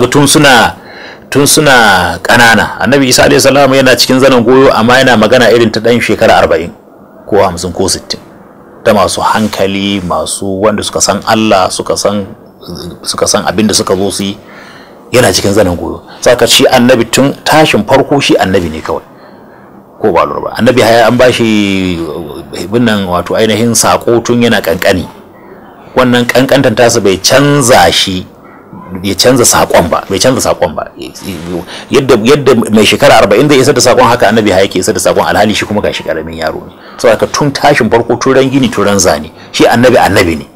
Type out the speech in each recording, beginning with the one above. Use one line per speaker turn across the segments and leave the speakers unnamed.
ga tun suna tun suna ƙanana annabi isa alayhi salamu yana cikin zanen goyo amma yana magana irin ta ɗan shekara arba'in ko hamsin ko sittin ta masu hankali masu wanda suka san allah suka san suka abin da suka zo su yi yana cikin zanen goyo saka shi annabi tun tashin farko shi annabi ne kawai ko ba lura ba annabi haya an bashi binnan wato ainihin sako tun yana kankani wannan kankantan tasa bai canza shi ya canza sakon ba bai canza sakon ba yadda yadda mai shekara 40 zai isar da sakon haka annabi ha yake isar da sakon alhali shi kuma gashi karamin yaro ne saboda tun tashin farko turan gini turan zane shi annabi annabi ne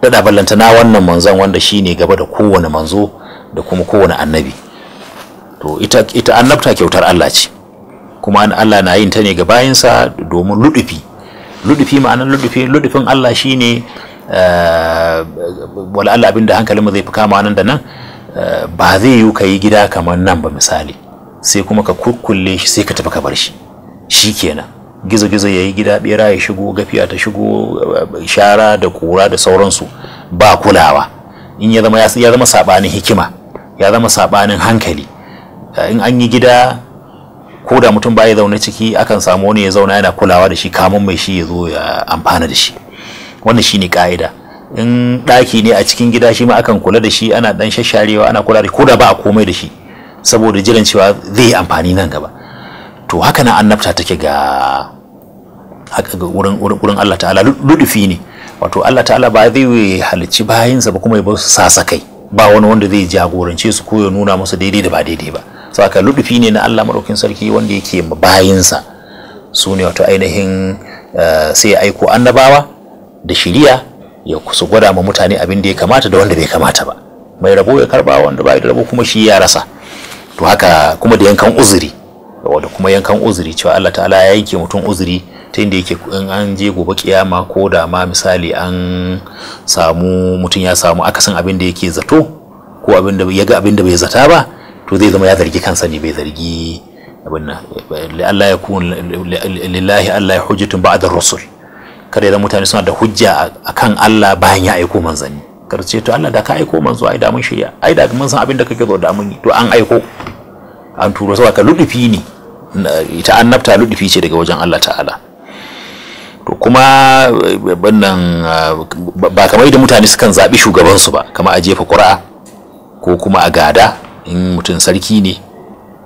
da na wannan manzon wanda shine gaba da kowane manzo da kuma kowane annabi to ita ita annabta kyautar Allah ce kuma Allah na yin ta ne ga bayinsa domin ludufi ludufi ma'anar ludufi ludufin Allah shine eh, wala Allah abinda hankalinmu zai fi kama nan da nan ba zai yiwu ka yi gida kamar nan ba misali sai kuma ka kukkulle shi sai ka tafi ka bar shi shi kenan gizo-gizo ya yi gida bera ya shigo gafiya ta shigo shara da kura da sauransu ba kulawa in ya zama ya zama sabanin hikima ya zama sabanin hankali in an yi gida ko da mutum ba ya zaune ciki akan samu wani ya zauna yana kulawa da shi kamun mai shi ya zo ya amfana da shi wannan ne ka'ida in ɗaki ne a cikin gida shi ma akan kula da shi ana ɗan shasharewa ana kula da ko da ba a komai da shi saboda jiran cewa zai yi amfani nan gaba to haka na annabta take ga wurin Allah ta'ala ludufi ne wato Allah ta'ala ba zai halicci sa ba kuma ya ba su kai. ba wani wanda zai jagorance su ko ya nuna musu daidai da ba daidai ba saboda ludufi ne na Allah madaukin sarki wanda yake bayinsa su ne wato ainihin eh, sai ya aiko annabawa da shiriya ya su gwada ma mutane abin da ya kamata da wanda bai kamata ba mai rabo ya karba wanda bai da rabo kuma shi ya rasa to haka kuma da yankan uzuri wanda kuma yankan uzuri cewa Allah ta'ala ya yanke mutum uzuri ta inda yake in an je gobe kiyama ko da ma misali an samu mutum ya samu akasin abin da yake zato ko abin da ya ga abin da bai zata ba to zai zama ya zargi kansa ne bai zargi abin nan Allah ya kun lillahi Allah ya hujjatun ba'da rusul kada idan mutane suna da hujja akan Allah bayan ya aiko manzanni kar ce to Allah da ka aiko manzo ai da mun shirya ai da mun san abin da kake zo da mun to an aiko an turo saboda ka ludufi ne ita annabta ludufi ce daga wajen Allah ta'ala to kuma wannan ah, ba kamar da mutane sukan zaɓi su ba kamar a jefa qur'a ko kuma a gada in mutum sarki ne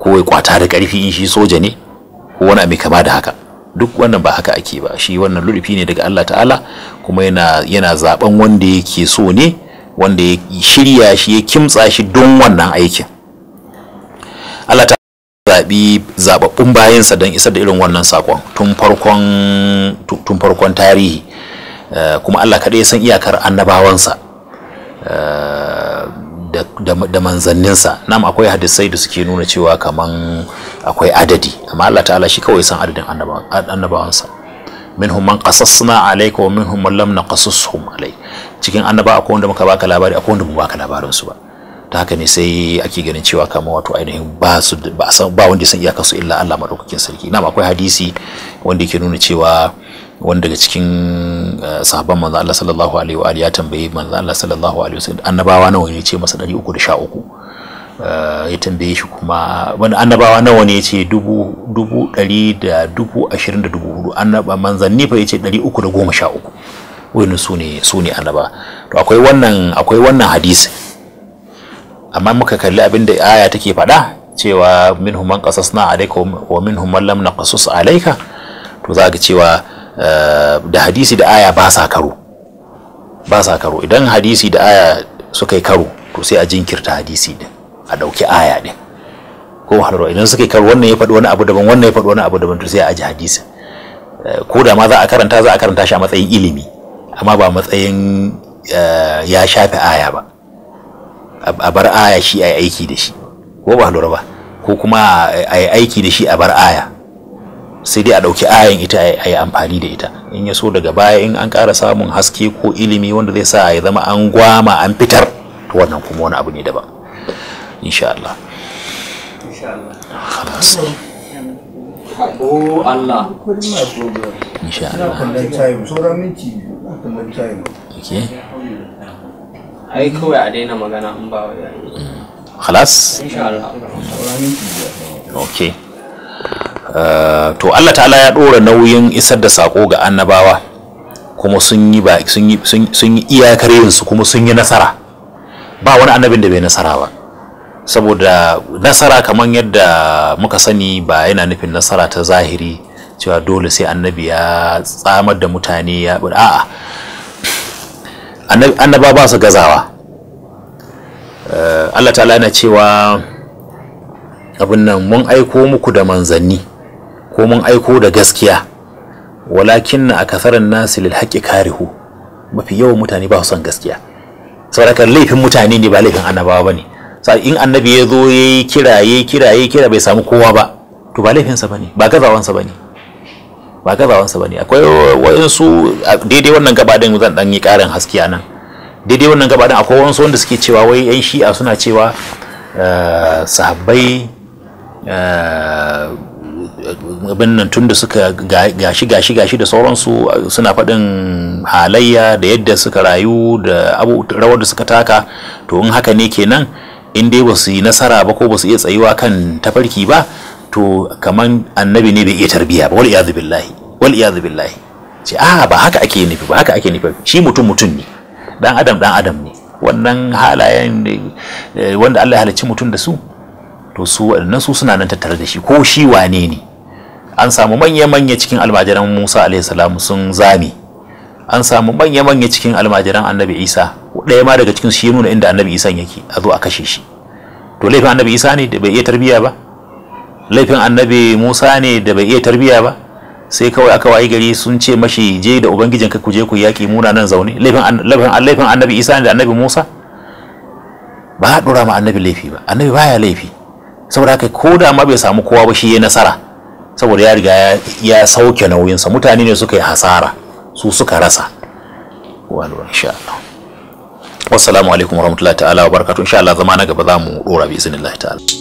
ko ya kwata da karfi in shi soja ne ko wani mai kama da haka duk wannan ba haka ake ba shi wannan lulufi ne daga Allah ta'ala kuma yana yana zaben wanda yake so ne wanda ya shirya shi ya kimtsa shi don wannan aikin Allah ta zaɓi zaɓaɓɓun bayansa don isar da irin wannan sakon tun farkon tun farkon tarihi eh, kuma Allah kaɗai ya san iyakar annabawansa eh, da manzanninsa nam akwai hadisai da suke nuna cewa kaman akwai adadi amma Allah ta'ala shi kawai san adadin annabawansa minhum man qasasna alayka wa minhum man lam naqasushum alay cikin annaba akwai wanda muka baka labari akwai wanda mu baka labarin su ba ta haka ne sai ake ganin cewa kama wato ainihin ba su ba wanda san iyakar su illa Allah madaukakin sarki nam akwai hadisi wanda yake nuna cewa wanda daga cikin eh, sahabban manzo Allah sallallahu alaihi wa alihi ya tambayi manzo Allah sallallahu alaihi wasallam annabawa nawa ne ce masa 313 eh, ya tambaye shi kuma wani annabawa nawa ne ce dubu dubu ɗari da dubu ashirin da dubu hudu annaba manzanni fa ya ce ɗari uku da goma sha uku wani su ne su ne annaba to akwai wannan akwai wannan hadisi amma muka kalli abin da aya take faɗa cewa minhum man qasasna alayka wa minhum man lam naqasus alayka to za ga cewa Eh, da hadisi da aya ba sa karo ba sa karo idan hadisi da aya suka yi karo to sai a jinkirta hadisi din a ɗauki aya din ko halarwa idan suka yi karo wannan ya faɗi wani abu daban wannan ya faɗi wani abu daban to sai a ji hadisi eh, ko da ma za a karanta za a karanta shi a matsayin ilimi amma ba matsayin eh, ya shafe aya ba a bar aya shi a aiki da shi ko ba lura ba ko kuma a yi aiki da shi a bar aya sai dai a ɗauki ayin ita a yi amfani da ita in ya so daga baya in an ƙara samun haske ko ilimi wanda zai sa ya zama an gwama an fitar to wannan kuma wani abu ne daban insha Allah insha Allah. Oh, insha ai kawai a daina magana ba wa Insha Allah. Okay. Eh, to Allah ta'ala ya ɗora nauyin isar da sako ga annabawa kuma sun yi ba sun yi sun yi iyakar yinsu kuma sun yi nasara ba wani annabin da bai nasara ba saboda nasara kamar yadda muka sani ba yana nufin nasara ta zahiri cewa dole sai annabi ya tsamar da mutane ya a'a annaba ba su gazawa eh, Allah ta'ala yana cewa abin nan mun aiko muku da manzanni ko mun aiko da gaskiya walakin na akasarin nasu lil karihu mafi yawan mutane ba su son gaskiya saboda laifin mutane ne ba laifin annabawa ba ne in annabi ya zo ya yi kira ya yi kira ya yi kira bai samu kowa ba to ba laifinsa ba ne ba gazawansa ba ne ba gazawansa ba ne akwai waɗansu daidai wannan gabaɗin zan ɗan yi ƙarin haske a nan daidai wannan gabaɗin akwai wasu wanda suke cewa wai 'yan shi'a suna cewa eh, sahabbai eh, abin nan tun da suka gashi gashi gashi da sauransu suna faɗin halayya da yadda suka rayu da rawar da suka taka to in haka ne kenan in dai ba su yi nasara ba ko ba su iya tsayuwa kan tafarki ba to kaman annabi ne bai iya tarbiya ba wal billahi wal billahi ce a ah, ba haka ake nufi ba haka ake nufi shi mutum mutum ne dan adam dan adam ne wannan halayen eh, wanda Allah ya halicci mutum da su to su waɗannan su suna nan tattare da shi ko shi wane ne an samu manya-manya cikin almajiran musa alaihi sun zame an samu manya-manya cikin almajiran annabi isa ɗaya ma daga cikin shi ya nuna inda annabi isa yake a zo a kashe shi to laifin annabi isa ne da bai iya tarbiya ba laifin annabi musa ne da bai iya tarbiya ba sai kawai aka wayi gari sun ce mashi je da ubangijinka ku je ku yaƙi muna nan zaune laifin annabi isa ne da annabi musa ba a ɗora ma annabi laifi ba annabi baya laifi saboda haka ko da ma bai samu kowa ba shi ya nasara saboda ya riga ya sauke nauyinsa mutane ne suka yi hasara su suka rasa walwa insha Allah wassalamu alaikum warahmatullahi ta'ala wa barakatuh insha Allah zama na gaba za mu dora bi iznillahi ta'ala